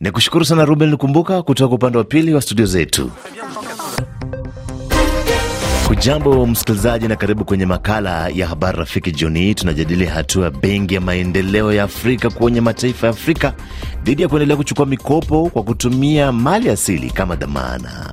ni kushukuru sana Ruben Lukumbuka kutoka upande wa pili wa studio zetu. Hujambo msikilizaji, na karibu kwenye makala ya habari rafiki. Jioni hii tunajadili hatua ya Benki ya Maendeleo ya Afrika kuonya mataifa ya Afrika dhidi ya kuendelea kuchukua mikopo kwa kutumia mali asili kama dhamana,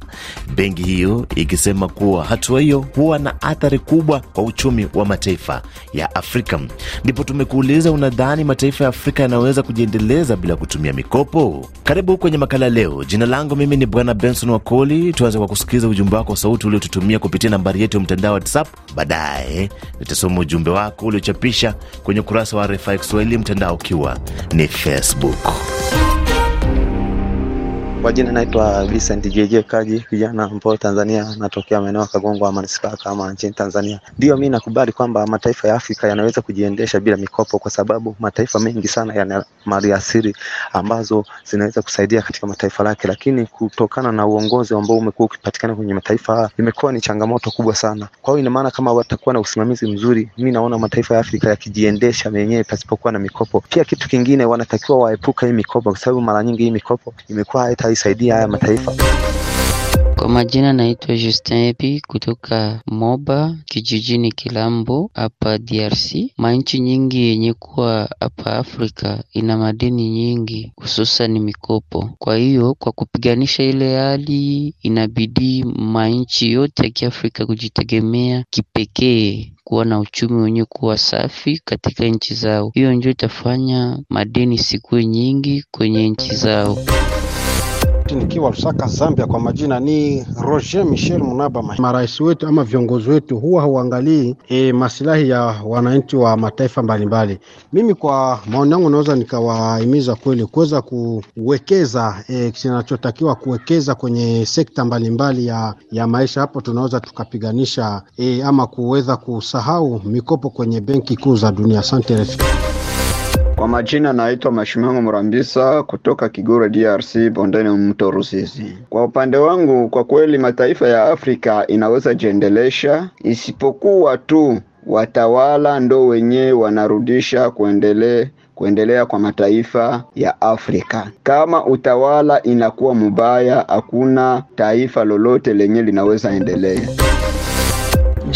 benki hiyo ikisema kuwa hatua hiyo huwa na athari kubwa kwa uchumi wa mataifa ya Afrika. Ndipo tumekuuliza, unadhani mataifa ya Afrika yanaweza kujiendeleza bila kutumia mikopo? Karibu kwenye makala leo. Jina langu mimi ni Bwana Benson Wakoli. Tuanze kwa kusikiliza ujumbe wako sauti uliotutumia kupitia nambari yetu ya mtandao WhatsApp. Baadaye nitasoma ujumbe wako uliochapisha kwenye ukurasa wa RFI Kiswahili mtandao ukiwa ni Facebook. Kwa jina naitwa Vincent JJ Kaji, kijana mpo Tanzania, natokea maeneo ya Kagongwa manispaa kama nchini Tanzania. Ndiyo, mimi nakubali kwamba mataifa ya Afrika yanaweza kujiendesha bila mikopo, kwa sababu mataifa mengi sana yana mali asili ambazo zinaweza kusaidia katika mataifa lake, lakini kutokana na uongozi ambao umekuwa ukipatikana kwenye mataifa haya imekuwa ni changamoto kubwa sana. Kwa hiyo ina maana kama watakuwa na usimamizi mzuri, mimi naona mataifa ya Afrika yakijiendesha yenyewe pasipokuwa na mikopo. Pia kitu kingine, wanatakiwa waepuka hii mikopo, kwa sababu mara nyingi hii mikopo imekuwa yanaisaidia haya mataifa. Kwa majina naitwa Justin Epi kutoka Moba kijijini Kilambo hapa DRC. Manchi nyingi yenye kuwa hapa Afrika ina madeni nyingi, hususani mikopo. Kwa hiyo kwa kupiganisha ile hali, inabidi manchi yote ya Kiafrika kujitegemea kipekee kuwa na uchumi wenye kuwa safi katika nchi zao. Hiyo ndio itafanya madeni sikuwe nyingi kwenye nchi zao wakati nikiwa Lusaka, Zambia. Kwa majina ni Roger Michel Munaba. Marais wetu ama viongozi wetu huwa hauangalii e, masilahi ya wananchi wa mataifa mbalimbali mbali. Mimi kwa maoni yangu naweza nikawahimiza kweli kuweza kuwekeza e, kinachotakiwa kuwekeza kwenye sekta mbalimbali mbali ya, ya maisha. Hapo tunaweza tukapiganisha e, ama kuweza kusahau mikopo kwenye benki kuu za dunia. Asante. Kwa majina naitwa Mashimango Murambisa kutoka Kigoro DRC, bondeni mto Ruzizi. Kwa upande wangu, kwa kweli mataifa ya Afrika inaweza jiendelesha isipokuwa tu watawala ndo wenyewe wanarudisha kuendelea kuendelea kwa mataifa ya Afrika. Kama utawala inakuwa mubaya, hakuna taifa lolote lenye linaweza endelea.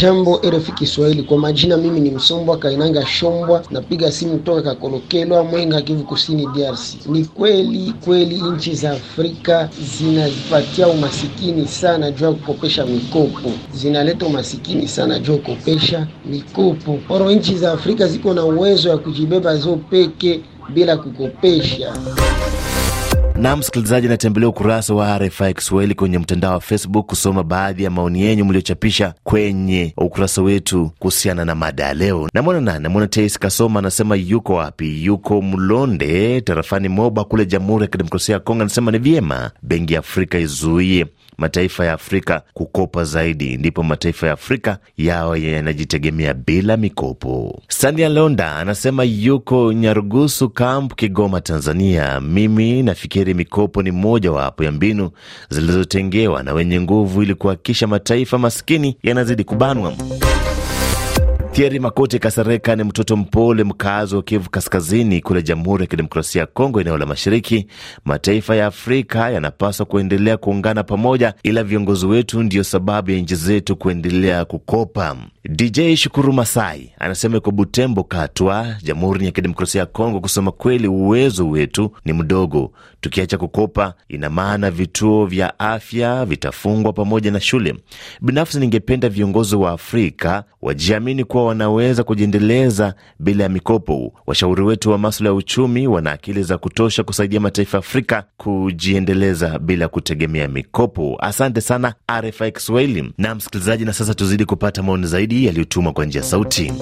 Jambo RFI Kiswahili, kwa majina mimi ni Msombwa Kainanga Shombwa, napiga simu kutoka Kakolokelwa, Mwenga, Kivu Kusini, DRC. Ni kweli kweli nchi za Afrika zinazipatia umasikini sana juu ya kukopesha mikopo, zinaleta umasikini sana juu ya kukopesha mikopo. Oro, nchi za Afrika ziko na uwezo ya kujibeba zo peke bila kukopesha. Na msikilizaji, anatembelea ukurasa wa RFI Kiswahili kwenye mtandao wa Facebook kusoma baadhi ya maoni yenyu mliochapisha kwenye ukurasa wetu kuhusiana na mada ya leo. Namwona nani? Namwona Teis Kasoma, anasema yuko wapi? Yuko Mlonde tarafani Moba kule Jamhuri ya Kidemokrasia ya Kongo. Anasema ni vyema Benki ya Afrika izuie mataifa ya Afrika kukopa zaidi, ndipo mataifa ya Afrika yao yanajitegemea bila mikopo. Sania Londa anasema yuko Nyarugusu Kamp, Kigoma, Tanzania. Mimi nafikiri mikopo ni mojawapo ya mbinu zilizotengewa na wenye nguvu ili kuhakikisha mataifa maskini yanazidi kubanwa. Thieri Makoti Kasereka ni mtoto mpole mkaazi wa Kivu Kaskazini kule Jamhuri ya Kidemokrasia ya Kongo, eneo la mashariki. Mataifa ya Afrika yanapaswa kuendelea kuungana pamoja, ila viongozi wetu ndiyo sababu ya nchi zetu kuendelea kukopa. DJ Shukuru Masai anasema kwa Butembo Katwa, Jamhuri ya Kidemokrasia ya Kongo. Kusema kweli, uwezo wetu ni mdogo. Tukiacha kukopa, ina maana vituo vya afya vitafungwa pamoja na shule. Binafsi ningependa viongozi wa Afrika wajiamini kuwa wanaweza kujiendeleza bila ya mikopo. Washauri wetu wa maswala ya uchumi wana akili za kutosha kusaidia mataifa ya Afrika kujiendeleza bila kutegemea mikopo. Asante sana RFI Kiswahili na msikilizaji, na sasa tuzidi kupata maoni zaidi yaliyotumwa kwa njia sauti.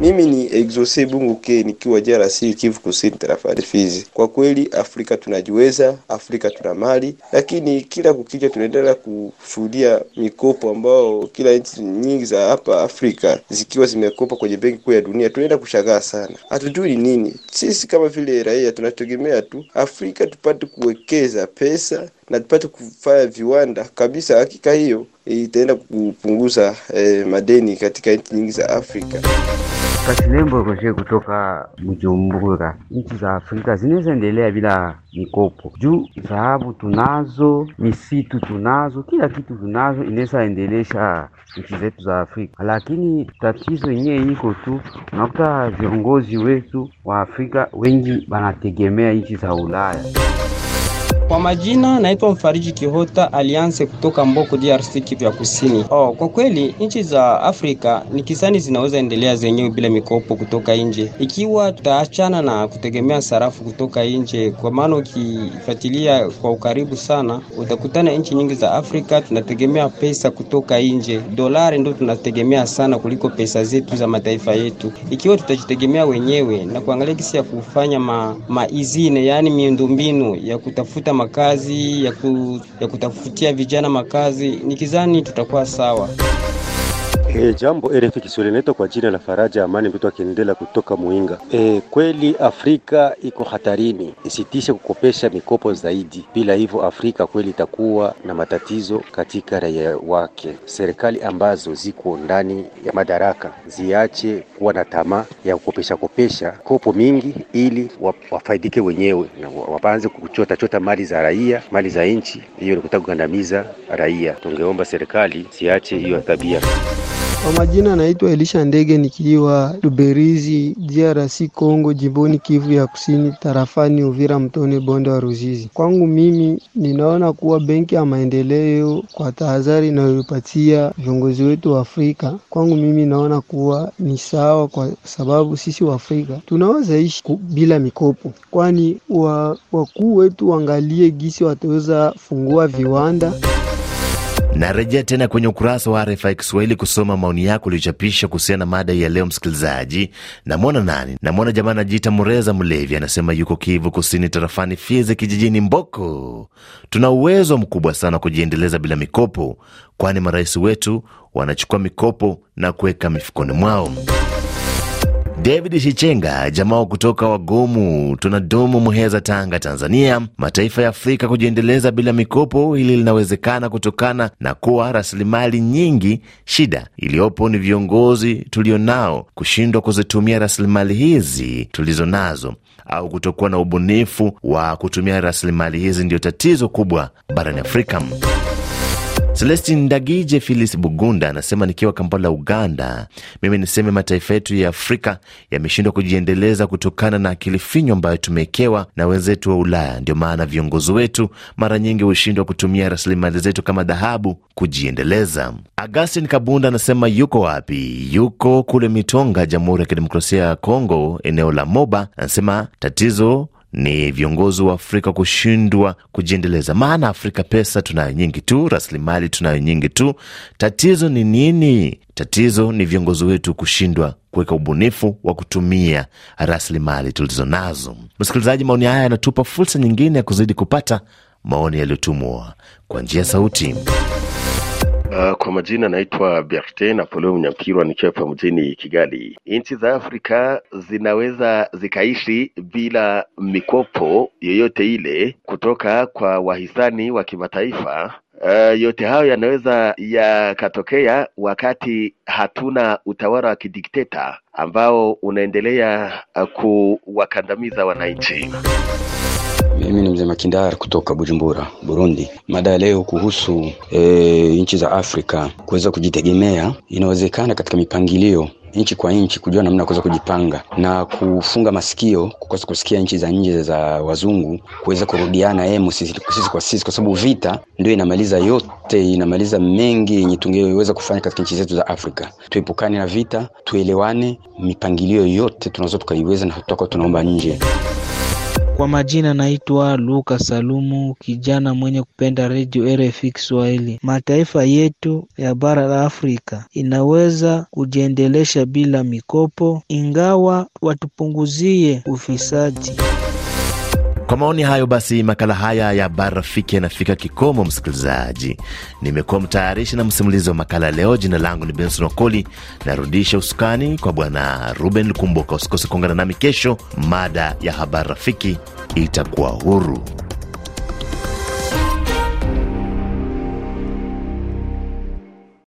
Mimi ni Exose Bungu nikiwa DRC Kivu Kusini tarafa Fizi. Kwa kweli Afrika tunajiweza, Afrika tuna mali, lakini kila kukicha tunaendelea kushuhudia mikopo ambao kila nchi nyingi za hapa Afrika zikiwa zimekopa kwenye benki kuu ya dunia, tunaenda kushangaa sana, hatujui ni nini. Sisi kama vile raia tunategemea tu Afrika tupate kuwekeza pesa na tupate kufanya viwanda kabisa. Hakika hiyo itaenda kupunguza eh, madeni katika nchi nyingi za Afrika nembo Roger kutoka Mjumbura, Nchi za Afrika zinaweza endelea bila mikopo juu dhahabu tunazo, misitu tunazo, kila kitu tunazo, inaweza endelesha nchi zetu za Afrika. Lakini tatizo yenyewe iko tu, unakuta viongozi wetu wa Afrika wengi wanategemea nchi za Ulaya. Kwa majina naitwa Mfariji Kihota Alianse kutoka Mboko, DRC, Kivu ya Kusini. Oh, kwa kweli nchi za Afrika ni kisani zinaweza endelea zenyewe bila mikopo kutoka nje, ikiwa tutaachana na kutegemea sarafu kutoka nje, kwa maana ukifuatilia kwa ukaribu sana utakutana nchi nyingi za Afrika tunategemea pesa kutoka nje. Dolari ndo tunategemea sana kuliko pesa zetu za mataifa yetu. Ikiwa tutajitegemea wenyewe na kuangalia kisi ya kufanya maizine ma, yani miundombinu ya kutafuta makazi ya, ku, ya kutafutia vijana makazi, nikizani tutakuwa sawa. E, jambo RF Kiswahili, naitwa kwa jina la Faraja Amani mtoto akiendelea kutoka Muinga. E, kweli Afrika iko hatarini, isitishe kukopesha mikopo zaidi, bila hivyo Afrika kweli itakuwa na matatizo katika raia wake. Serikali ambazo ziko ndani ya madaraka ziache kuwa na tamaa ya kukopesha kopesha kopo mingi, ili wafaidike wenyewe na wapanze kuchota chota mali za raia, mali za nchi. Hiyo ni kutaka kugandamiza raia. Tungeomba serikali siache hiyo tabia. Kwa majina naitwa Elisha Ndege nikiwa Luberizi, DRC Congo, jimboni Kivu ya Kusini, tarafani Uvira, Mtoni, bonde wa Ruzizi. Kwangu mimi ninaona kuwa benki ya maendeleo kwa tahadhari inayopatia viongozi wetu wa Afrika, kwangu mimi naona kuwa ni sawa, kwa sababu sisi wa Afrika tunaweza ishi bila mikopo, kwani wakuu wetu waangalie gisi wataweza fungua viwanda Narejea tena kwenye ukurasa wa RFI Kiswahili kusoma maoni yako uliochapisha kuhusiana na mada ya leo. Msikilizaji, namwona nani? Namwona jamaa anajiita Mureza Mlevi, anasema yuko Kivu Kusini, tarafani Fizi, kijijini Mboko. Tuna uwezo mkubwa sana wa kujiendeleza bila mikopo, kwani marais wetu wanachukua mikopo na kuweka mifukoni mwao. David Shichenga, jamaa kutoka wagomu tunadumu Muheza, Tanga, Tanzania. Mataifa ya Afrika kujiendeleza bila mikopo, hili linawezekana kutokana na kuwa rasilimali nyingi. Shida iliyopo ni viongozi tulionao kushindwa kuzitumia rasilimali hizi tulizonazo, au kutokuwa na ubunifu wa kutumia rasilimali hizi, ndiyo tatizo kubwa barani Afrika. Celestin Dagije Filis Bugunda anasema nikiwa Kampala, Uganda, mimi niseme mataifa yetu ya Afrika yameshindwa kujiendeleza kutokana na akili finyo ambayo tumewekewa na wenzetu wa Ulaya. Ndio maana viongozi wetu mara nyingi hushindwa kutumia rasilimali zetu kama dhahabu kujiendeleza. Agustin Kabunda anasema yuko wapi? Yuko kule Mitonga, Jamhuri ya Kidemokrasia ya Kongo, eneo la Moba. Anasema tatizo ni viongozi wa Afrika kushindwa kujiendeleza. Maana Afrika pesa tunayo nyingi tu, rasilimali tunayo nyingi tu. Tatizo ni nini? Tatizo ni viongozi wetu kushindwa kuweka ubunifu wa kutumia rasilimali tulizo nazo. Msikilizaji, maoni haya yanatupa fursa nyingine ya kuzidi kupata maoni yaliyotumwa kwa njia sauti. Uh, kwa majina naitwa Berte Napoleon Mnyampirwa nikiwa hapa mjini Kigali. Nchi za Afrika zinaweza zikaishi bila mikopo yoyote ile kutoka kwa wahisani wa kimataifa. Uh, yote hayo yanaweza yakatokea wakati hatuna utawala wa kidikteta ambao unaendelea uh, kuwakandamiza wananchi. Mimi ni mzee Makindara kutoka Bujumbura, Burundi. Mada ya leo kuhusu e, nchi za Afrika kuweza kujitegemea, inawezekana katika mipangilio nchi kwa nchi kujua namna kuweza kujipanga na kufunga masikio kukosa kusikia nchi za nje za wazungu kuweza kurudiana emu sisi, sisi kwa sisi, kwa sababu vita ndio inamaliza yote, inamaliza mengi yenye tungeweza kufanya katika nchi zetu za Afrika. Tuepukane na vita, tuelewane, mipangilio yote tunaweza tukaiweza na tutakuwa tunaomba nje. Kwa majina naitwa Luka Salumu, kijana mwenye kupenda redio RFI Kiswahili. Mataifa yetu ya bara la Afrika inaweza kujiendelesha bila mikopo, ingawa watupunguzie ufisadi. Kwa maoni hayo basi, makala haya ya Habari Rafiki yanafika kikomo. Msikilizaji, nimekuwa mtayarishi na msimulizi wa makala leo. Jina langu ni Benson wakoli narudisha usukani kwa Bwana Ruben Lukumbuka. Usikose kuungana nami kesho, mada ya Habari Rafiki itakuwa huru.